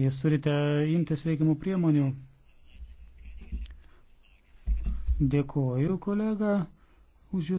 Jūs turite imtis veikiamų priemonių. Dėkuoju, kolega, už jūsų.